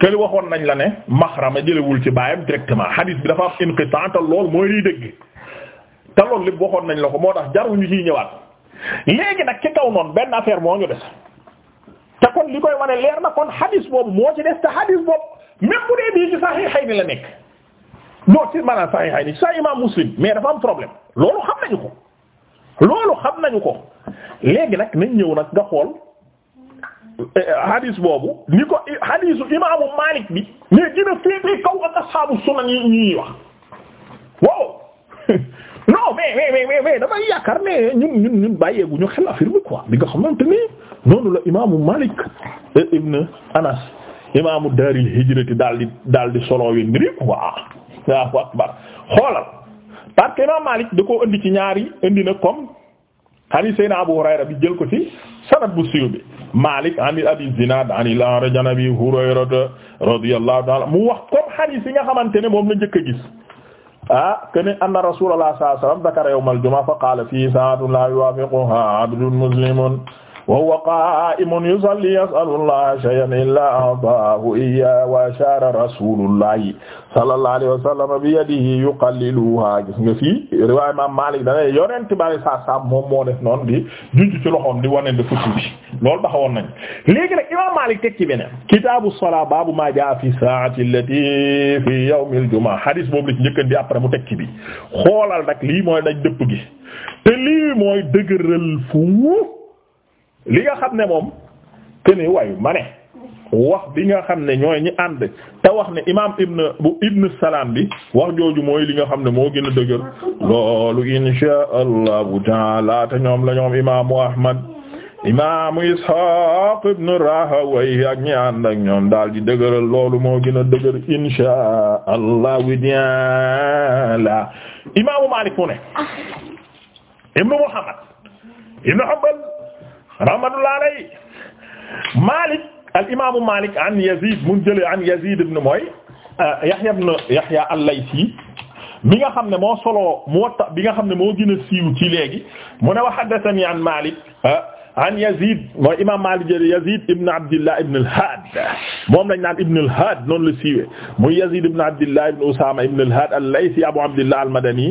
këli waxoon nañ la ne maxrama jëlewul ci baayam directement hadith bi dafa am inqitan te lool mooy liy dégg te loolu lépp waxoon nañ la ko moo tax ñu ciy ñëwaat léegi nag ci kaw noonu benn affaire moo ñu des te kon li koy wane leer na kon hadith boobu moo ci des te hadith boobu même bu dee bii ci Sahihayni la nekk non ci maanaam Sahihayni sa imam Muslim mais dafa am problème loolu xam nañu ko loolu xam nañu ko léegi nag nañ ñëw nag nga hadis boobu ni ko hadisu imaamu Maalik bi mais dina féetee kaw ak ashaabu sunan yi ñuy wax wow non mais mais mais mais damay yaakaar ne ñun ñun ñun bàyyeegu ñu xel affaire bi quoi bi nga xamante ni noonu la imaamu Maalik eh, ibn Anas imaamu daaril hijrati daal di daal di solo wi mbiri quoi waaw akbar xoolal parce que imaam da koo indi ci ñaari indi na comme hadis Seydina Abu Hurayra bi jël ko ci sanad bu siiw bi. Malik an Abi Zinad an al-A'raj an Abi Hurayrata radiyallahu ta'ala mu wax comme hadith yi nga xamante ne moom la njëkk a gis ah kene anna Rasulullah sallallahu alayhi wasallam dhakara yawm al-jumu'a fa qala fihi sa'atun la yuwafiquha 'abdun muslimun wa huwa qaa'imun yusalli yas'alu llaha shay'an illaa a'taahu iyyaahu wa ashaara rasuulullahi sallallahu alayhi wa sallam bi yadihi yuqalliluha gis nga fii riwaaya Imaam Maalik da ngay yonent bari saa saa moom moo def noonu di junj ci loxoom di wane ne futti bi loolu taxawoon nañ léegi nag Imaam Maalik teg ci beneen kitaabu salaa baabu maa jaa'a fi saa'ati allatii fi yawmil jumu'a hadis boobu la ci njëkkan di après mu teg ci bi xoolal nag lii mooy daj dëpp gi te lii mooy dëgëral fu li nga xam ne moom te ni waay wax bi nga xam ne ñooy ñi ànd te wax ne imaam ibn ibn salaam bi wax jooju mooy li nga xam ne moo gën a dëgër loolu insha allahu taala te ñoom la ñoom imaamu ahmad imaamu ishaq ibn rahawayh ak ñi ànd ak ñoom daal di dëgëral loolu moo gën a dëgër insha allahu taala imaamu maalik mu ne ibn muhammad ibn hanbal rahmatullah alayhi Malik al imaamu Malik an Yazid mun jëlee an Yazid ibn mooy euh, Yahya ibn Yahya al-Laythi mi nga xam ne moo solo Muwatta bi nga xam ne moo gën a siiw ci léegi mu ne wa haddathani an Malik euh, an Yazid mooy imaam Malik jëlee Yazid ibn Abdillah ibn al-Had moom lañ naan ibn al-Had noonu la siiwee muy Yazid ibn Abdillah ibn Usama ibn al-Had al-Laythi Abu Abdillah al-Madani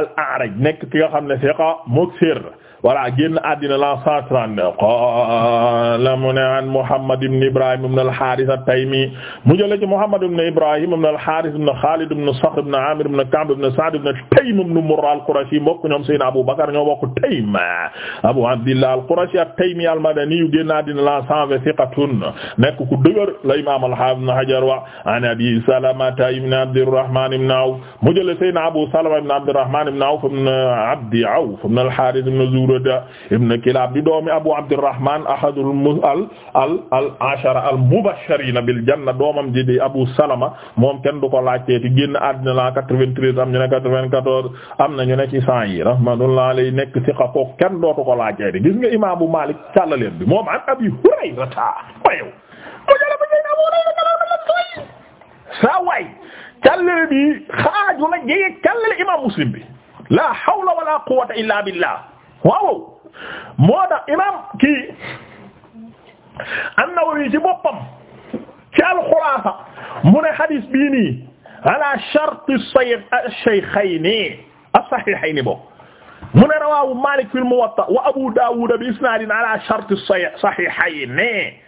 al-A'raj nekk ki nga xam ne thiqa muksir voilà génn àddina la 139 qaala mu ne an Muhammad ibn Ibrahim ibn al-Harith at-Taymi mu jële ci Muhammad ibn Ibrahim ibn al-Harith ibn Khalid ibn Sakhr ibn Amir ibn Ka'b ibn Sa'd ibn Taym ibn Murra al-Qurashi mbokk ñoom Seydina Abu Bakr ñoo bokk Taym Abu Abdillah al-Qurashi at-Taymi al-Madani génn àddina la 120 thiqatun nekk ku dëgër la Imam al-Hafiz ibn Hajar wa an Abi Salamata ibn Abdirrahman ibn Awf mu jële Seydina Abu Salama ibn Abdirrahman ibn Awf ibn Abdi Awf ibn al-Harith ibn Zuhr Burda ibn Kilab di doomi Abu Abdurrahman ahadul al al al ashara al mubashirina bil janna doomam ji di Abu Salama moom kenn du ko laajteeti génn àddina la 93 am ñu ne 94 am na ñu ne ci 100 yi rahmatullahi alayhi nekk siqa ko kenn dootu ko laajteeti gis nga imaamu Malik càllaleen bi moom an Abi Hurayrata wayow saa waay càllale bi xaaju la jege càllale imam Muslim bi la hawla wala quwwata illa billah waaw moo tax imaam kii an-Nawawi ci boppam ci al-Xulaasa mu ne hadis bii nii ala shart ash-shaykhayni as-sahihayni bo mu ne rawaahu Maalik fil Muwatta wa Abu Daawuud bi isnaadin ala shart as-sahihayni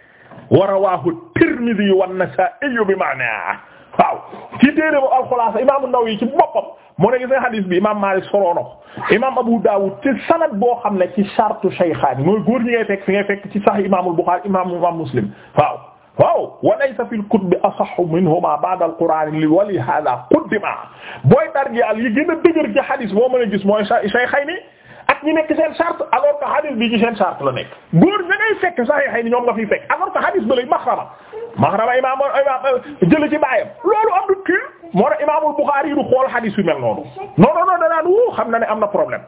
wa rawaahu at-Tirmidhi wa an-Nasaa'i bi ma'naahu waaw ci téere bu al-Xulaasa imaam an-Nawawi ci boppam mu ne gis nga xadis bi imaam Maalik soloo na ko imaam Abu Daawud ci sanad boo xam ne ci sartu shaykhaani mooy góor ñi ngay fekk fi ngay fekk ci sax imaamul Buxaari imaam imaam Muslim waaw waaw wa laysa fil kutubi asahhu minhuma ba'da al-Qur'aan wa li haadha quddima booy darjaal yi gën a dëgër ci xadis boo mën a gis mooy shaykhaani ak ñi nekk seen charte alors que hadith bi ci seen charte la nekk góor ña ngay fekk saxiix yi ñoom nga fiy fekk alors que hadith bi lay maxrama maxrama imaam jële ci baayam loolu am du kii moo tax Imaamul Buxaari du xool xadiis yu mel noonu non non non danaan wuu xam na ne am na problème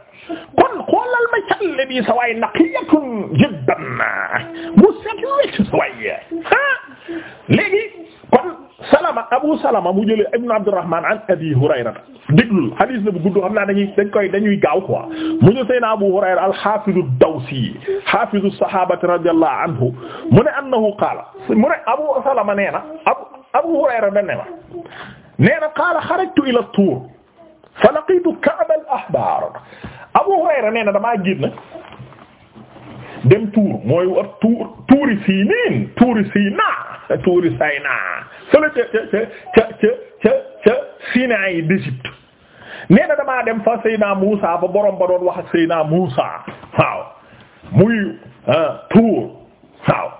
kon xoolal ma calle bi sa waay naqiyatun jiddan mu set wecc sa waay ah léegi kon Salama Abu Salama mu jëlee Ibnu Abdurrahman an Abi Hurayra déglu xadiis la bu gudd xam naa dañuy dañ koy dañuy gaaw quoi mu ñu Seydina Abu Hurayra al-Haafidu Dawsi haafidu sahaabati radiyallahu anhu mu ne annahu qaala mu ne Abu Salama nee na Abu Hurayra dane ma nee na qaala xarajtu ila tuur fa laqiitu Ka'b al-Ahbar Abu Hurayra nee na damaa génn dem tuur mooy war tuur tuuri Siniin tuuri Sinaa tuuri Sinaa fële ca ca ca ca ca Sinaa yi d'Égypte nee na damaa dem fa Seydina Muusa ba borom ba doon wax ak Seydina Muusa waaw muy ah, tuur waaw.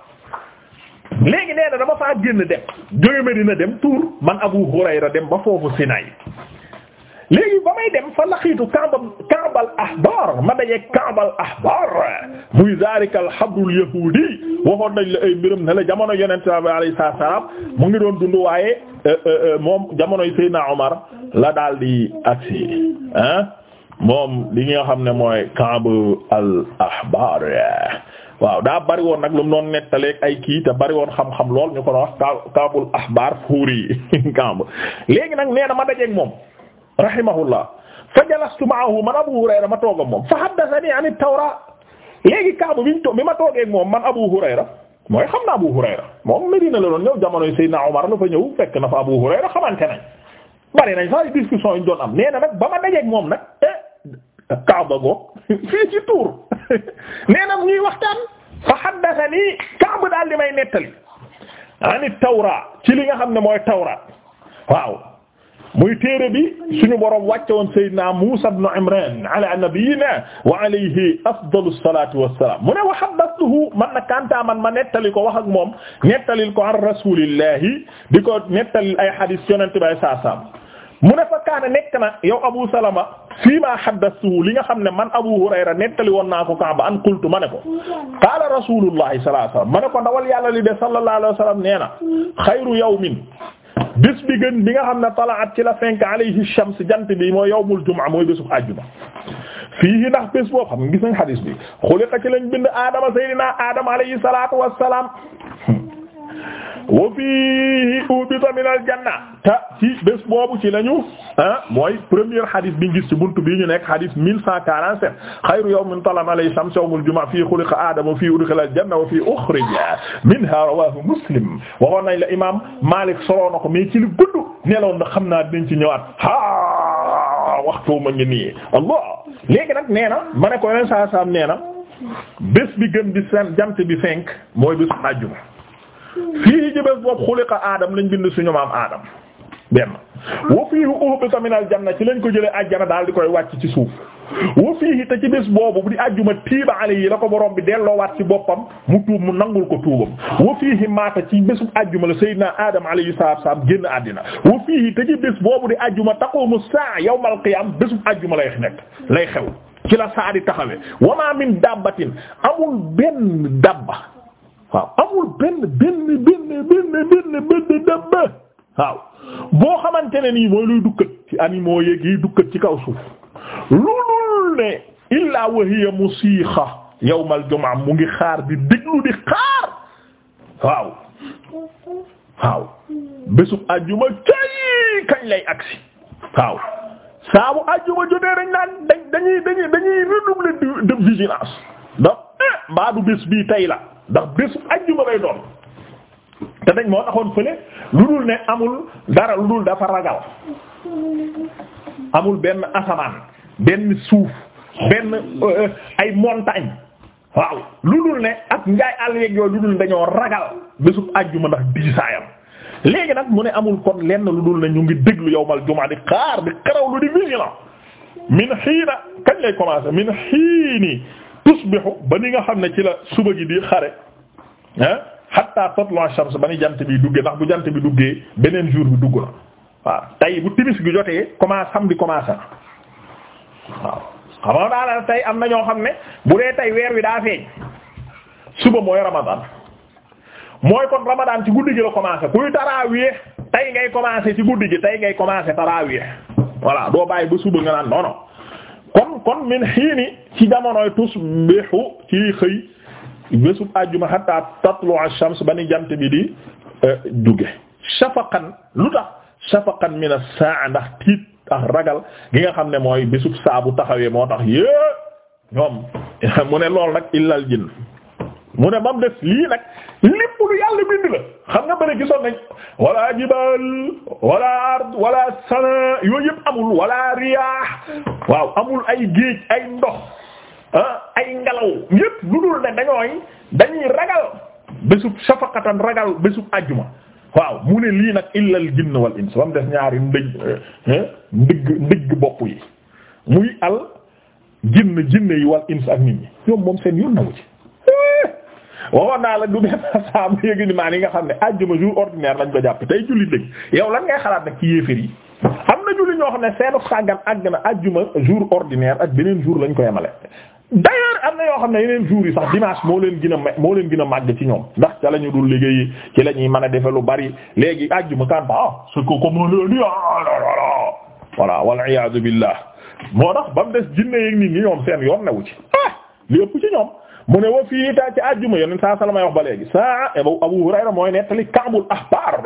léegi nee na dama faa génn dem jóge Medina dem Tuur man Abu Hurayra dem ba foofu Sinaay léegi ba may dem fa laqiitu Ka'b Ka'b al ma dajee Ka'b al muy zaalika al-habru al-yahuudi waxoon la ay mbiram ne la jamono Yonent bi alayhi salaam mu ngi doon dund waaye euh, euh, euh, moom jamonoy Seydina Omar la daal di agsi moom li nga xam ne mooy Ka'b al-Ahbar waaw daa bari woon nag lu mu doon nettaleeg ay kii te bari woon xam-xam lool ñu ko wax kaabul ahbaar fuuri kamb léegi nag nee na ma dajeeg moom rahimahullah fa jalastu ma'ahu man Abu Hurayra ma toog ak moom fa haddathani an at-Tawra léegi kaabu bi ñu to bi ma toogee ak moom man Abu Hurayra mooy xam na Abu Hurayra moom Medina la doon ñëw jamonoy Seydina Omar la fa ñëw fekk na fa Abu Hurayra xamante nañ bari nañ fa ay discussion yi ñu doon am nee na nag ba ma dajeeg moom nag eh, Kaaba goog fii ci Tuur nee na ñuy waxtaan fa haddathanii Kaaba daal may nettali ani Tawra ci li nga xam ne mooy Tawra waaw muy téere bi suñu borom wàcce woon Seydina Muusaa ibn Imraan ala nabiyyinaa wa alayhi afdalu salaatu wassalaam mu ne wa haddathtuhu man na man ma nettali ko wax ak moom nettalil ko an rasuulillahi di ko nettalil ay hadiis yonent bi sallallahu mu ne fa kaana nekk na yow Abu Salama fii maa haddastu li nga xam ne man Abu Hurayra nettali woon naa ko Kaaba an qultu ma ne ko qaala rasuulullahi sallallahu alayhi wasallam ma ne ko ndawal yàlla li de sallallahu alayhi wasallam nee na xayru yawmin bis bi gën bi nga xam ne talaat ci la fenk alayhi shams jant bi mooy yawmul jumaa mooy bésu àjjuma fii ndax bés boo xam gis nañ xadiis bi xuliqa ci lañ bind Adama Seydina Adama alayhi salaatu wassalaam wa fiihi ubita min al janna te ci bés boobu ci lañu ah mooy premier hadith bi gis ci buntu bi ñu nekk hadith mil cent quarante sept xayru yawmin tala'at alayhi shamsu yawmul jumu'a fii xuliqa aadama wa fii udxila al janna wa muslim waxoon nañ la imaam Maalik soroon na ko mais ci li gudd neloon na xam naa ci ñëwaat ah waxtu ma ngi nii nag nee na ma ne ko yeneen saa saam nee na bés bi gën di seen jant bi fenk mooy bés àjjuma fii ci bés boobu xuliqa aadam lañ bind suñu maam aadam benn wa fiihi uhbita minal janna ci lañ ko jëlee àjjana daal di koy wàcc ci suuf wa fiihi te ci bés boobu bu di àjjuma tiiba alayhi la ko borom bi delloowaat ci boppam mu tuub mu nangul ko tuubam wa fiihi maata ci bésu àjjuma la sayyidina aadam alayhi salaatu wa salaam génn àddina wa fiihi te ci bés boobu di àjjuma taqumu saa yawmal qiyaam bésu àjjuma lay nekk lay xew ci la saa di taxawee wa maa min dabbatin amul waaw amul benn boo xamante ne nii mooy luy dukkat ci animaux yeeg yi ci kaw suuf loolul ne illaa wa hiya musiixa yawmal jumaa mu ngi xaar di déglu di xaar waaw waaw bésub àjjuma cay lay agsi waaw saa bu àjjuma la ndax bésu ajjuma lay doon te dañ moo taxoon fële lu dul ne amul dara lu dul dafa ragal amul benn asamaan benn suuf benn euh, euh, ay montagne waaw lu dul ne ak ngaay àll yeeg yooyu lu dul dañoo ragal bésu ajjuma ndax diisaayam léegi nag mu ne amul kon lenn lu dul ne ñu ngi déglu yowmal jumaa di xaar di xaraw lu di vigilant min xiina kañ lay commencer min xiini tusbihu ba ni nga xam ne ci la suba gi di xare ah hatta tatlu ash-shams ba ni jant bi duggee ndax bu jant bi duggee beneen jour bi dugg na waaw tey bu timis gi jotee commence xam di commencé na waaw xam nga daal tey am na ñoo xam ne bu dee tey weer wi daa feeñ suba mooy ramadan mooy kon ramadan ci guddi gi la commencé kuy taraawih tey ngay commencé ci guddi gi tey ngay commencé taraawih voilà doo bàyyi ba suba nga naan non kon kon min xiini ci jamonoy tusbihu ci xëy bésub àjjuma hatta tatlu ash-shams ba ni jant bi di e, dugge shafaqan lu tax shafaqan min as-sa'a ndax tiit ak ragal gi nga xam ne mooy bésub saa bu taxawee moo tax yée ñoom mu ne lool nag illal jinn mu ne mam def lii nag lépp lu yàlla bind la xam nga bëri gisoon nañ wala jibal wala ard wala sana yooyu yëpp amul wala riyaax waaw amul ay géej ay ndox ah ay ngelaw yëpp lu dul ne dañooy dañuy ragal bésub safaqatan ragal bésub ajjuma waaw mu ne lii nag illa al jinn wal ins mam def ñaari eh, eh, ndëgg ndëgg bopp yi muy al jinn jinne yi wal ins ak nit ñi ñoom moom seen yoon nawu ci waxoon naa la du benn saabu yëg ni maan nga xam ne àjjuma jour ordinaire lañ ko jàpp tey julli dëgg yow lan ngay xalaat nag ci yéefér yi am na julli ñoo xam ne seenu sàggan àgg na àjjuma jour ordinaire ak beneen jour lañ ko yemale d'ailleurs am na yoo xam ne yeneen jour yi sax dimanche moo leen gën a moo leen gën a màgg ci ñoom ndax ca la ñu dul liggéey ci la ñuy mën a defe lu bari léegi àjjuma kan ba ah c'est que comme on dit ah, ah, ah, voilà wal iyaadu billah moo tax ba mu des jinne yeeg nit ñi ñoom seen yoon ci ah mu ne woo fii ta ci àjjuma yonent saa salama wax ba léegi saa Abu Hurayra mooy nettali Kaabul Ahbaar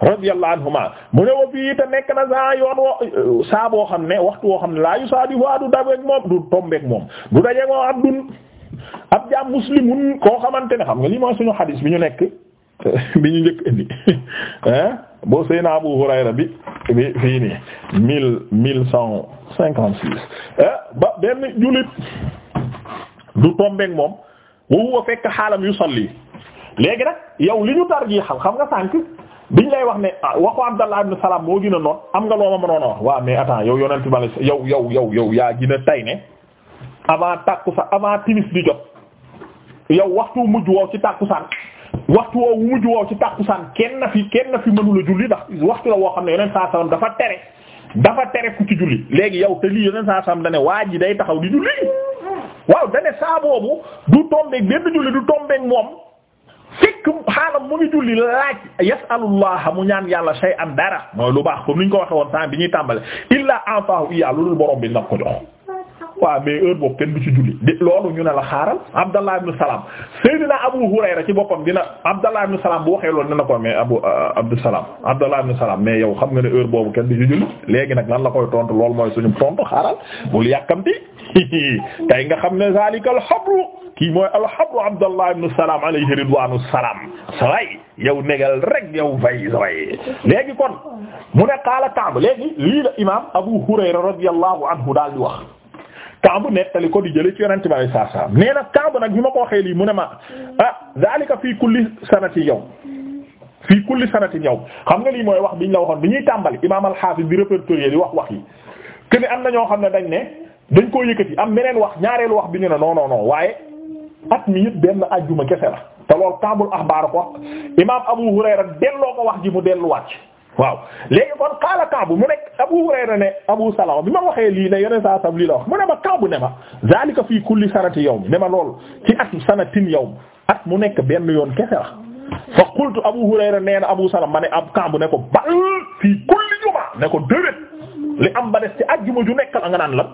radiyallahu anhuma mu ne wa fii ta nekk na saa yoon wo saa xam ne waxtu woo xam ne laa yu saa di waa du dabeeg moom du tombeeg moom du dajeeg moom abdun ab jaam muslimun koo xamante ne xam nga lii mooy suñu xadis bi ñu nekk bi ñu njëkk indi hein boo Seyna Abu Hurayra bi fii nii mille mille cent cinquante six ba benn jullit du tombeek moom wa huwa fekk xaalam yusalli léegi nag yow li ñu tarjiixal xam nga sànq biñ lay wax ne ah, waxu Abdallah ibn salaam moo gën a noon am nga loo ma mënoon a wax waaw mais attends yow yonent bi yow yow yow yaa gën a tay ne avant tàkkusaan avant timis di jot yow waxtu mujj woow ci tàkkusaan waxtu woowu mujj woow ci tàkkusaan kenn na fi kenn na fi mënula julli ndax waxtu la woo xam ne yonent saa salaam dafa tere dafa tere ku ci julli léegi yow te waa ji day taxaw di waaw dane saa boobu du tombeeg benn julli du tombeeg moom fekk xaalam mu ngi julli laaj yasalullaha mu ñaan yàlla shay'an dara mooy lu baax comme ni ñu ko waxee woon temps bi ñuy tàmbale illaa anfaahu iya lu dul borom bi nag ko jox waaw mais heure boobu kenn du ci julli di loolu ñu ne la xaaral Abdallah ibn Salam Seydina Abu Hurayra ci boppam dina Abdallah ibn Salam bu waxee loolu dina ko mais Abu euh, Abdou Salam Abdallah ibn Salam mais yow xam nga ne heure boobu kenn du ci julli léegi la koy tontu loolu mooy suñu tontu xaaral bul yàkkamti tey nga xam ne zalika alxabru ki mooy alxabru abdallah ibnu salaam alayhi ridwaanu salaam saway yow negal rek yow vay saway léegi kon mu ne qaala Ka'b léegi lii la imaam Abu Hurayra radiyallahu anhu daal di wax Ka'b nettali ko di jële ci yonente bi alayhi salaam nee na Ka'b nag bi ma ko waxee lii mu ne ma ah zalika fii kulli sanati yow fii kulli sanatin yow xam nga lii mooy wax biñ la waxoon bi ñu tàmbali imaam al-Hafiz di répertorier di wax wax yi que ne am na ñoo xam ne dañ ne dañ koo yëkkati am beneen wax ñaareelu wax bi ñu ne non non non waaye at mi yëpp benn ajjuma kese la te lool kaabul axbaar ko imaam Abu Hurayra delloo ko wax gi mu delluwaat waaw léegi kon xaala kaabu mu nekk Abu Hurayra ne Abu Salama bi ma waxee lii ne yeneen saa sam lii la wax mu ne ma kaabu ne ma zalika fii kulli sanati yawm ne ma lool ci at sanatin yawm at mu nekk benn yoon kese la fa qultu Abu Hurayra nee na Abu Salama ma ne ab kaabu ne ko bal fii kulli am ba des ci ju nekk la nga naan la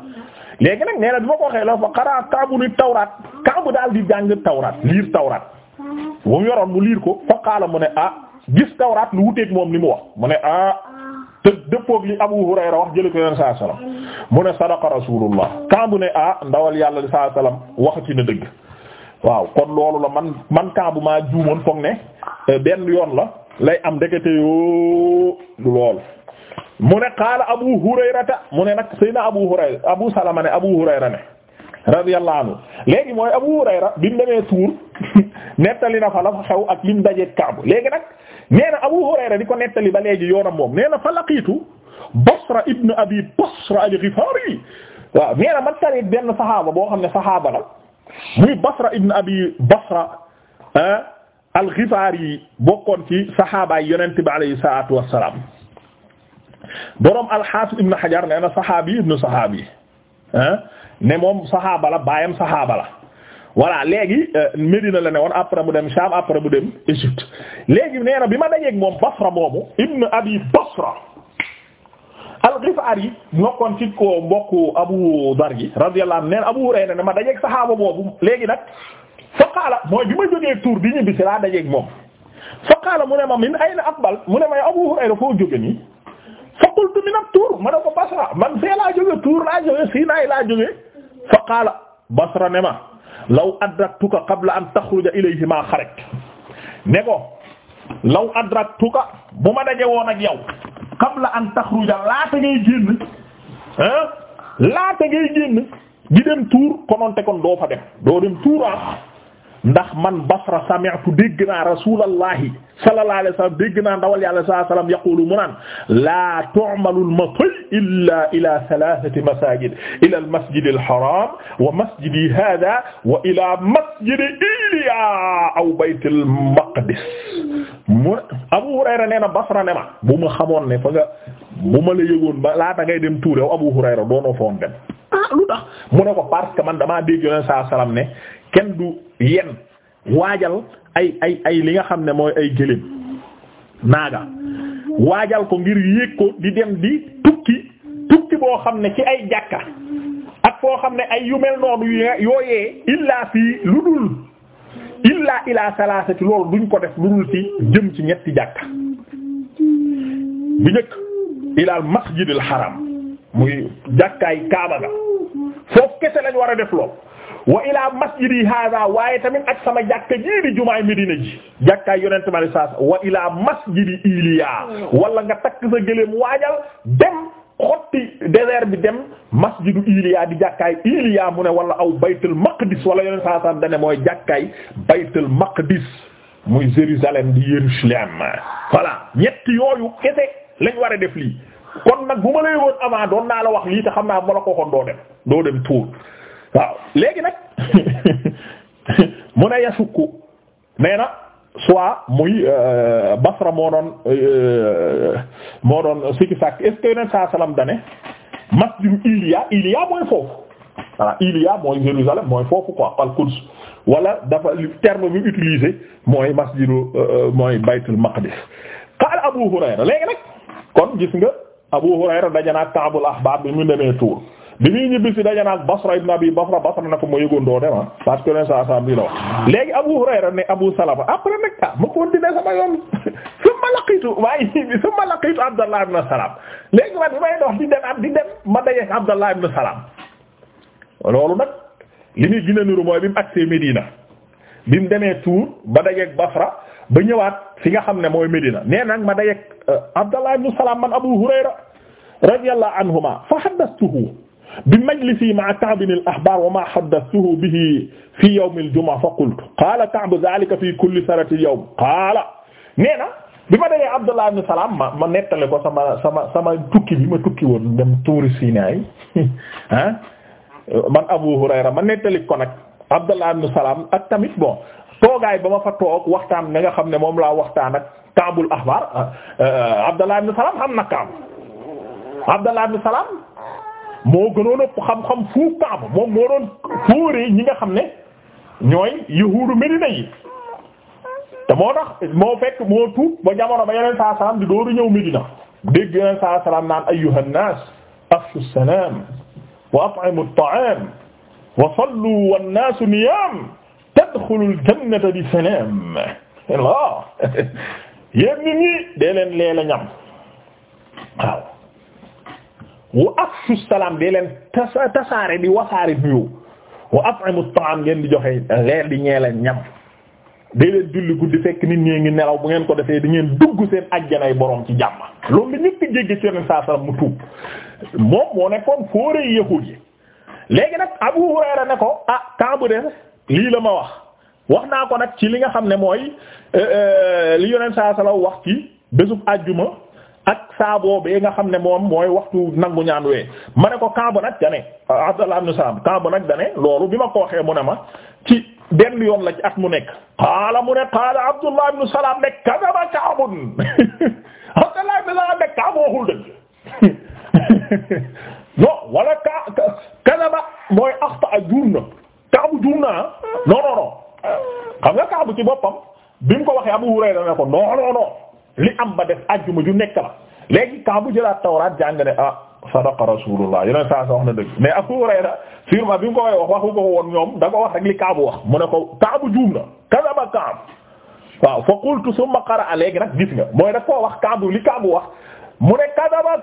léegi nag nee na bi ma ko waxee la fa xaraa kaabu ni tawraat kaabu daal di jàng tawraat liir tawraat bu mu yoroon mu liir ko fa xaala mu ne ah gis tawraat lu wuteeg moom li mu wax mu ne ah te dëppoog li Abu Hurayra wax jële ko yoneen saa sallam mu ne sadaqa rasulullah kaabu ne ah ndawal yàlla li saa sallam waxati na dëgg waaw kon loolu la man man kaabu maa juumoon foog ne eh, benn yoon la lay am ndekete yoo du mu ne qaala abu hurayrata mu ne nag sayna abu hurayra abu salama ne abu hurayra ne radiyallahu anhu léegi mooy abu hurayra bi mu demee tuur nettali na fa la fa xew ak lim dajeek Kaab léegi nag nee na abu hurayra di ko nettali ba léegi yoonam moom nee na fa laqiitu basra ibn abi basra al-ghifaari waaw nee na man tari benn saxaaba boo xam ne saxaaba la muy basra ibn abi basra ah, al-ghifaari bokkoon ci saxaabaay yonent bi alayhi salaatu wassalaam boroom alxaafis ibn xajar nee na saxaabi ibn saxaabi ah ne moom saxaabala baayam saxaabala la voilà léegi euh, Medina la ne woon après mu dem Sham après mu dem Égypte léegi nee bi ma dajeeg moom Basra moomu ibn Abi Basra al-Ghifari nokkoon ci ko mbokku Abu Dar gi radiyallahu anhu nee na Abu Hurayra ne ma dajeeg saxaaba boobu léegi nag fa qaala mooy bi ma jógee tour bi ñibbisi laa dajeeg moom fa qaala mu ne ma min ayna aqbal mu ne ma Abu Hurayra foo jóge nii ma ne ko Basra man fee laa jóge Tuur laa jóge Sinaay laa jóge fa qaala Basra ne ma law adraktuka qabla an taxruja ilayhi ma xarajta ne ko law adraktuka bu ma daje woon ak yow qabla an taxruja laata ngay génn ah laata ngay génn di dem Tuur konoonte kon doo fa dem doo dem Tuur ah. ndax man basra sami'tu dégg naa rasulallahi sallallahu alayhi wa sallam dégg naa ndawal yàlla sallallahu alayhi wa sallam yaqulu mu naan laa tu'malul mati illa ila thalathati masajid ila al masjid al haram wa masjidi hadha wa ila masjidi Iliya aw bayt al maqdis mu Abu Hurayra nee na basra ne ma bu ma xamoon ne fa nga bu ma la yëgoon ba laata ngay dem tuure aw Abu Hurayra doonoo foon dem ah lu tax mu ne ko parce que man damaa dégg yoneen saa salaam ne kenn du yen waajal ay ay ay li nga xam ne mooy ay gëléem naaga waajal ko ngir yéeg ko di dem di tukki tukki boo xam ne ci ay jàkka ak foo xam ne ay yu mel noonu yooyee illaa fii lu dul illaa ilaa salaasati loolu duñ ko def lu dul ci jëm ci ñetti jàkka bi njëkk ilaal masjidil haram muy jàkkaay kaaba ga foofu kese lañ war a def lool wa ilaa masjidi hada waaye tamit ak sama jàkka ji di jumaay Medina ji jàkkaay yonent ma saa wa ilaa masjidi Iliya wala nga takk sa gëléem waajal dem xotti désert bi dem masjidu Iliya di jàkkaay Iliya mu ne wala aw baytul maqdis wala yonent saa saa dane mooy jàkkaay baytul maqdis muy Jérusalem di Yerusalem voilà ñetti yooyu kese lañ war a def lii kon nag bu ma lay woon avant doon naa la wax lii te xam naa bu ma la ko waxoon doo dem doo dem tuur waaw léegi nag mu yasukku nee na soit muy euh, Basra moo doon euh, moo doon sikki sàkk est-ce que yoneen saa salaam dane masjidu Iliya Iliya mooy foofu Iliya mooy Jérusalem mooy foofu quoi al-Quds wala dafa terme bi utilisé mooy masjidu euh, mooy baytul maqdis qaala Abu Hurayra léegi nag kon gis nga Abu Hurayra dajanaak Ka'bul Ahbar bi mu demee Tuur bi muy ñibbi si a naag Basra ibn Abi Basra Basra na ko moo yëgoon doo dem ah, parce que leen saa saa bii la wax léegi Abu Hurayra ne Abu Salama après nag ah ma continué sama yoon summa laqitu waaye summa laqitu Abdallah ibn Salam léegi man bi may dox di dem am di dem ma daje Abdallah ibn Salam loolu nag li muy gën a mooy bi mu agsee Medina bi mu demee Tuur ba dajeeg Basra ba ñëwaat fi nga xam ne mooy Medina nee nag ma dajeeg euh, Abdallah ibn Salam man bi majlisi ma'a Ka'b al-ahbar wa ma haddathuhu bihi fi yawm al-jumu'a fa qultu qala Ka'b dhalika fi kulli sarati yawm qala nee na bi ma dajee Abdullah ibn Salam ma ma nettale ko sama sama sama tukki bi ma tukki woon dem tuuri Sinaay ah man Abu Hurayra ma nettali ko nag Abdullah ibn Salam ak tamit bon toogaay ba ma fa toog waxtaan na nga xam ne moom laa waxtaan ak Ka'bul Ahbar ah, eh, eh, Abdullah ibn Salam xam na Ka'b Abdullah ibn Salam moo gënoon a xam-xam fu Kaaba moom moo doon fóoree ñi nga xam ne ñooy yahuudu Medina yi te moo tax moo fekk moo tuub ba jamono ba yeneen saa salaam di dooru ñëw Medina dégg yeneen saa salaam naan ayyuha nnaas afshu salaam wa at'imu at-ta'aam wa sallu wan-naasu niyaam tadxulul jannata bi salaam yéen nit ñi dee leela ñam waaw wa afshu salaam di leen tasaare di wasaare nuyu wa at'imu ta'am ngeen di joxe leer di ñee leen ñam day leen julli guddi fekk nit ñee ngi nelaw bu ngeen ko defee di ngeen dugg seen ajjanay borom ci jàmm loolu la ñëpp di jéggi ci yeneen saa salaam mu tuub moom moo nekkoon fóoree yëngu ji léegi nag Abu Hurayra ne ko ah temps def lii la ma wax wax naa ko nag ci li nga xam ne mooy euh, euh, li yeneen saa salaam wax ci bésub àjjuma. ak saaboo bee nga xam ne moom mooy waxtu nangu ñaan wee ma ne ko Kaab nag dane Abdallah ibn Salam Kaab nag dane loolu bi ma ko waxee mu ne ma ci benn yoon la ci at mu nekk qaala mu ne qaala Abdullah ibn Salam ne kadaba Kaabun Abdallah ibn Salam ne Kaab waxul dëgg non wala ka kadaba mooy axta a juum na Kaabu juum na ah. non xam nga Kaabu ci boppam bi mu ko waxee Abu Hurayra ne ko non li am ba def ajjuma ju nekk la léegi ka bu jëlaat tawraat jàng ne ah sadaqa rasulullah yeneen saa sa wax na dëgg mais Abu Hurayra sûrement bi nga ko wax waxu ko woon ñoom da wax rek li Kaabu wax mu ne ko Kaabu juum na kadaba Kaab waaw fa qultu summa qara'a léegi nag gis nga mooy da koo wax Kaabu li Kaabu wax mu ne kadaba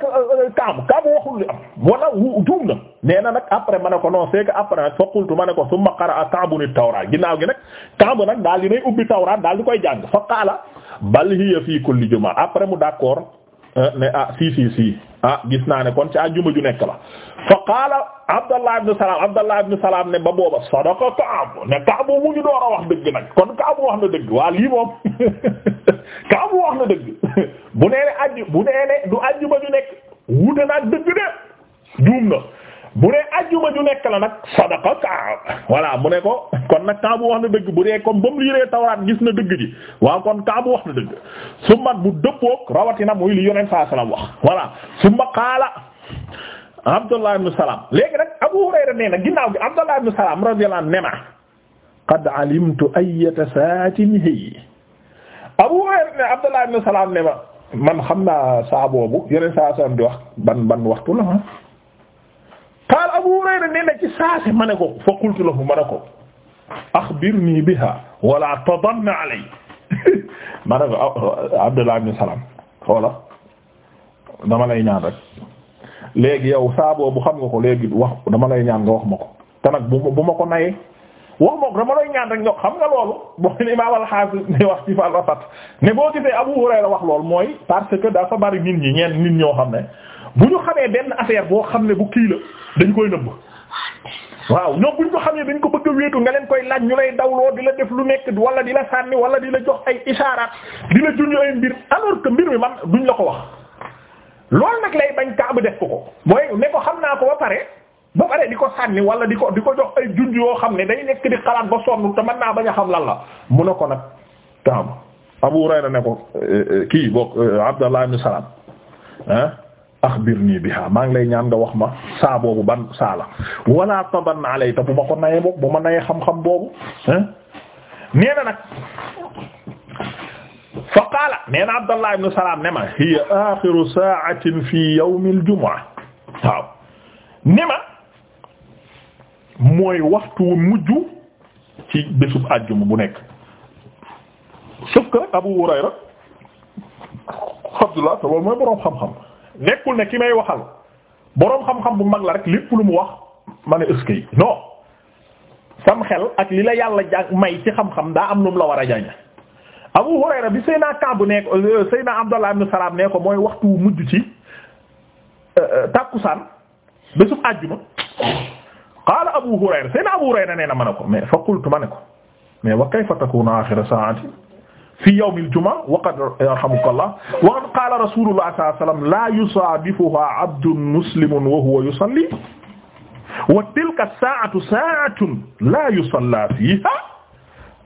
kaam euh, kaam waxul li am wala juum na nee na nag après ma ko non c'est que après nag faqultu ma ne ko summa qara'a Ka'bun at-Tawraat ginnaaw gi nag Ka'b nag daal di nay ubbi Tawraat daal di koy jàng fa qaala bal hiya fii kulli jumaa après mu d'accord ne euh, ah si si si ah gis naa ne kon ci àjjuma ju nekk la fa qaala Abdallah ibn Salam Abdallah ibn Salam ne ba booba sadaqa Kaab ne Kaab mu ngi door a wax dëgg nag kon Kaab wax na dëgg waa lii moom Kaab wax na dëgg bu nee ne bu nee ne du àjjuma ju nekk wuute na dëgg de juum bu dee ajjuma ju nekk la nag sadaqa Kaab ko kon nag Kaab wax na dëgg bu dee comme ba mu liiree tawraat gis na dëgg ji waaw kon Kaab wax na dëgg summa bu dëppook rawatina muy li yonent saa salaam wax voilà summa qaala Abdullah ibn Salam léegi Abu Hurayra nee na ginnaaw gi Abdullah ibn Salam radiyallahu anhu nema qad alimtu ayyata saatin Abu Hurayra ne man xam naa saa boobu yonent saa salaam di wax ban ban waxtu la ah qaala Abu Hurayra nee na ci saase ma ne ko fa qultu lahu ma ne ko axbirnii bihaa wala tadann alay ma ne ko ah, Abdullah ibn Salam xoola dama lay ñaan rek léegi yow saaboo bu xam nga ko léegi wax dama lay ñaan nga wax ma ko te nag bu ma ko nayee wax moom dama lay ñaan rek ñoo xam nga loolu mooy li imaam alxaafis ne wax ci fal rafat ne boo gisee Abu Hurayra wax loolu mooy parce que dafa bari nit ñi ñeen nit ñoo xam ne bu ñu xamee benn affaire boo xam ne bu kii la dañ koy nëbb waaw ñoom bu ñu ko xamee dañ ko bëgg a wéetu nga leen koy laaj ñu lay dawloo di la def lu nekk wala di la sànni wala di la jox ay isaaraat di la junj ay mbir alors que mbir mi man duñ la ko wax loolu nag lay bañ kaabu def ko ko mooy ne ko xam naa ko ba pare. ba pare di ko sànni wala di ko di ko jox ay junj yoo xam ne day nekk di xalaat ba sonn te mën naa bañ a xam lan la mu ne ko nag taam Abu Hurayra ne ko eh, eh, kii boog eh, Abdallah ibn Salam ah axbirnii biha maa ngi lay ñaan nga wax ma saa boobu ban saa la wala taban alay te bu ma ko nayee bu ma nayee xam-xam boobu ah. nee na nag fa qaala nee na Abdallah ibn Salam ne ma hiya axiru saatin fi yawmil jumu'a waaw ne ma mooy waxtu mujj ci bésub àjjuma bu nekk sauf que Abu Hurayra Abdullah te loolu mooy ki may waxal boroom bu mag la rek lépp lu mu wax ma ne ëska yi sam xel ak li la yàlla jàng may daa am lu la war a jàng Abu Hurayra bi Seyna Kaabu ne ko euh, Seyna Abdullah ibn Salaam ne ko mooy waxtu mujj ci euh, euh, tàkkusaan bésub àjjuma qaala Abu Hurayra seen Abu Hurayra nee na ma ne ko mais fa qultu ma ne ko mais wa kayfa takunu aaxira saa'ati fi yawmil jumu'a wa qad yarhamuka Allah wa qad qaala rasuulullah sallallahu alayhi wa sallam laa yusaadifuhaa abdun muslimun wa huwa yusalli wa tilka saa'atu saa'atun laa yusallaa fiihaa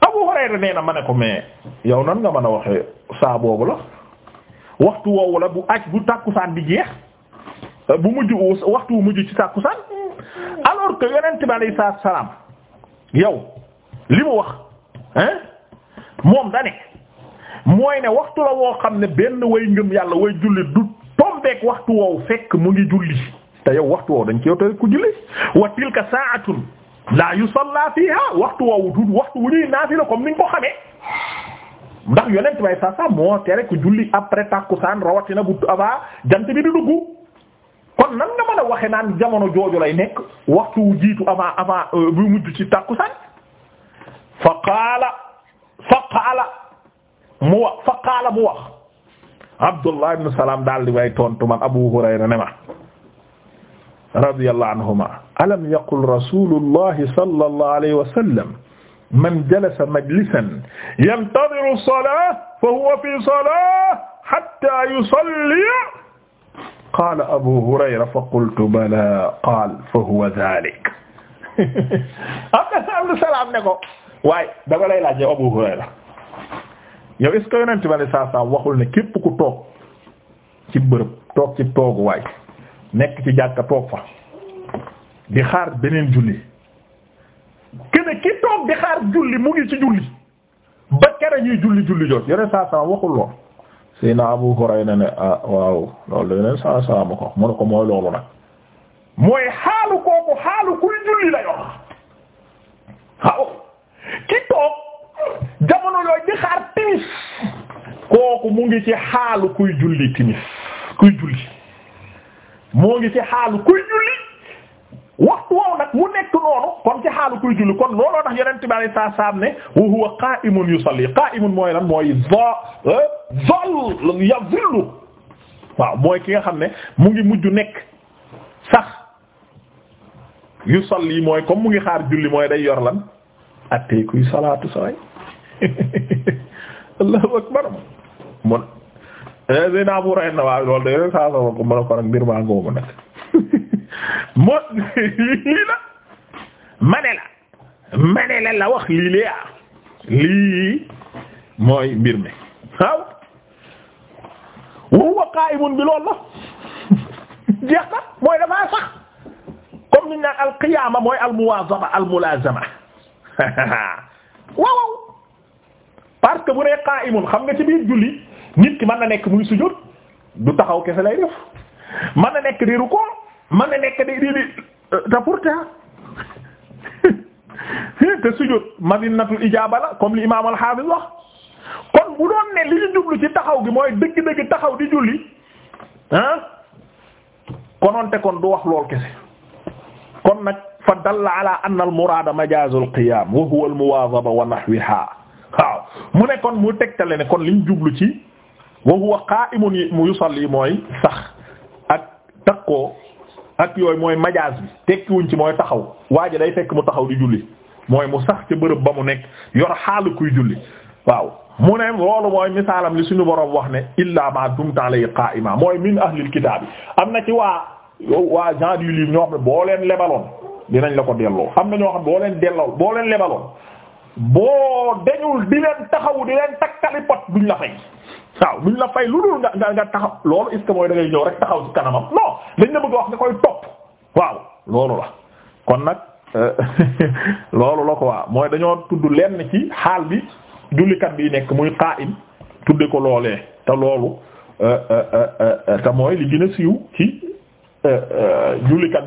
Abu Hurayra nee na ma ne ko mais yow nan nga mën a waxee saa boobu la waxtu woowu la bu aj bu tàkkusaan di jeex bu mujj waxtu mujj ci tàkkusaan alors que yonent bi alayhi salaatu yow li mu wax hein moom dane mooy ne waxtu la woo xam ne benn way ngëm yàlla way julli du tombeek waxtu woow fekk mu ngi julli te yow waxtu woow dañ ci yow te ku julli la waxtu woow du waxtu wu ñuy naafila comme ni ko xamee ndax yonent bi alayhi salaatu moo tere ku julli après tàkkusaan rawatina bu avant jant bi di dugg kon nan nga mën a waxe naan jamono jooju lay nekk waxtu wu jiitu avant avant euh, bu mujj ci tàkkusaan fa qaala fa qaala mu wax fa qaala mu wax Abdullah ibn Salam daal di way tontu man Abu Hurayra ne ma radiyallahu anhuma alam yaqul rasulullahi sallallahu alayhi wa sallam man jalasa majlisan yantadiru as-salata fa huwa fi salata hatta yusalli qaala Abu Hurayra fa qultu balaa qaala fa huwa zaalik am salaam ne ko waaye dama lay laaj yow Abu Hurayra yow est-ce que yonent bi saa saa waxul ne képp ku toog ci bërëb toog ci toogu waay nekk ci jàkka toog fa di xaar beneen julli kene ki toog di xaar julli mu ngi ci julli ba kere ñuy julli julli jot yonent saa saa waxul lool. Seyna Abu Hurayra ne ah waaw loolu leneen saa saa ko mu ne ko mooy loolu nag mooy xaalu kooku xaalu kuy julli la yor waaw ki toog jamono yooyu di timis kooku mu ngi ci xaalu kuy julli timis kuy julli moo ngi ci xaalu kuy julli waxtu woowu nag mu nekk noonu kon ci xaalu kuy julli kon looloo tax yeneen tubaab yi saa saa am ne wa huwa qaa'imun yusalli qaa'imun mooy lan mooy za euh, zal yazillu waaw mooy ki nga xam ne mu ngi mujj nekk sax yusalli mooy comme mu ngi xaar julli mooy day yor lan attee kuy salaatu saway allahu akbar mun euh, seen abu reen na waaw loolu day saa saa ko mën a ko nag mbir maa ngoomu nag moo lii la mane la mane la wax lii la lii mooy mbir mi waaw huwa qa'imun bi loolu la jeex na mooy dafaa sax comme ni ñu naan alqiyaama mooy almuwaazaba almulaazama waaw parce que bu nee qa'imun xam nga ci biir julli nit ki mën na nekk muy sujjóot du taxaw kese lay def mën na nekk di ruku man na nekk di di di te pourtant te sujud madinatul ijaaba la comme li imaam al wax kon bu doon ne li ñu jublu ci taxaw gi mooy dëgg-dëgg taxaw di julli ah kononte kon du wax lool kese kon nag fa dalla ala anna al muraada majaazul qiyaam wa huwa al muwaazaba wa nahwiha waaw mu ne kon mu tegtale ne kon li ñu jublu ci wa huwa qaa'imun yusalli mooy sax ak takkoo ak yooyu mooy majaas bi tekkiwuñ ci mooy taxaw waa ji day fekk mu taxaw di julli mooy mu sax ca bërëb ba mu nekk yor xaalu kuy julli waaw mu ne loolu mooy misaalam li suñu borom wax ne illaa ma dumta alayhi qaa'ima mooy min ahlil kitaab yi am na ci waa waa gens du livre ñoo boo leen lebaloon dinañ la ko delloo am na ñoo boo leen delloo boo leen boo dañul di leen taxawu di leen takkali pot duñ la fay waaw buñ la fay lu dul nga nga nga taxaw loolu est ce que mooy da ngay ñëw rek taxaw ci kanamam non dañ la bëgg wax nga koy topp waaw loolu la kon nag euh, loolu la quoi mooy dañoo tudd lenn ci xaal bi jullikat bi nekk muy qaa'im tudde ko loolee loolu euh, euh, te li gën a siiw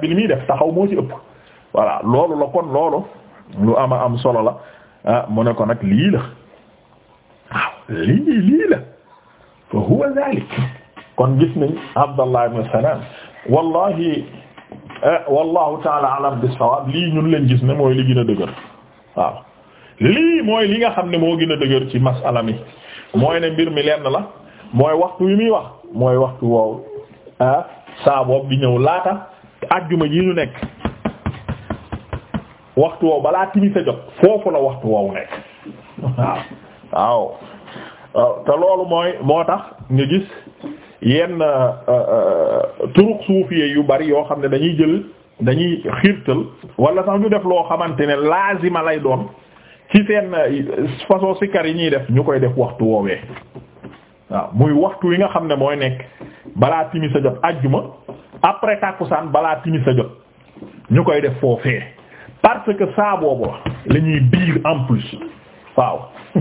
bi li muy def taxaw moo ci ëpp voilà loolu la kon loolu lu ama am solo la ah mu ne ko nag lii la waaw lii lii la fa huwa zalik kon gis nañ Abdallah ibn Salam wallahi eh, wallahu taala alam bisawab lii ñun leen gis ne mooy li gën a dëgër waaw lii mooy li nga xam ne moo gën a dëgër ci masala mi mooy ne mbir mi lenn la mooy waxtu wi muy wax mooy waxtu woowu ah saa di ñëw laata ajjuma ji ñu nekk waxtu woowu balaa timisa jot foofu la waxtu woowu nekk waaw waaw Euh, te loolu mooy moo tax nga gis yenn euh, euh, turuq suufiye yu bari yoo xam ne dañuy jël dañuy xiirtal wala sax ñu def loo xamante ne laazima lay doon ci seen façon sikkar yi ñuy def ñu koy def waxtu woowee waaw muy waxtu wi nga xam ne mooy nekk balaa timis sa jot ajjuma après tàkkusaan balaa timis a jot ñu koy def foofee parce que saa boobu la ñuy biir en plus waaw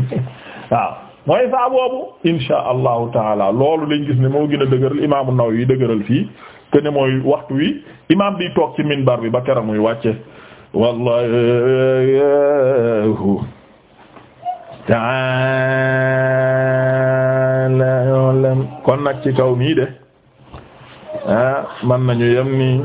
waaw mooy saa boobu insha allahu taala loolu lañ gis ne moo gën a dëgëral imaamu Nawawi dëgëral fii que ne mooy waxtu wi imaam bi toog ci minbar bi ba keroog muy wàcce wallahu taala kon nag ci kaw nii de ah man nañu yem nii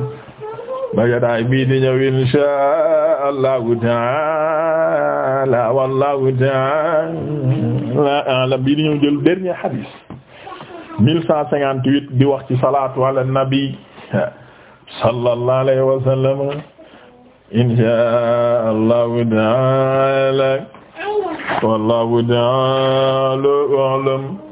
ba jotaay bii di ñëw inshaa Allahu ta'ala wallahu ta'ala a'lam bii di ñëw jël dernier hadith mille cent cinquante-huit di wax ci salaatu ala nabi sallallahu alayhi wa sallam inshaa Allahu ta'ala wallahu ta'ala a'lam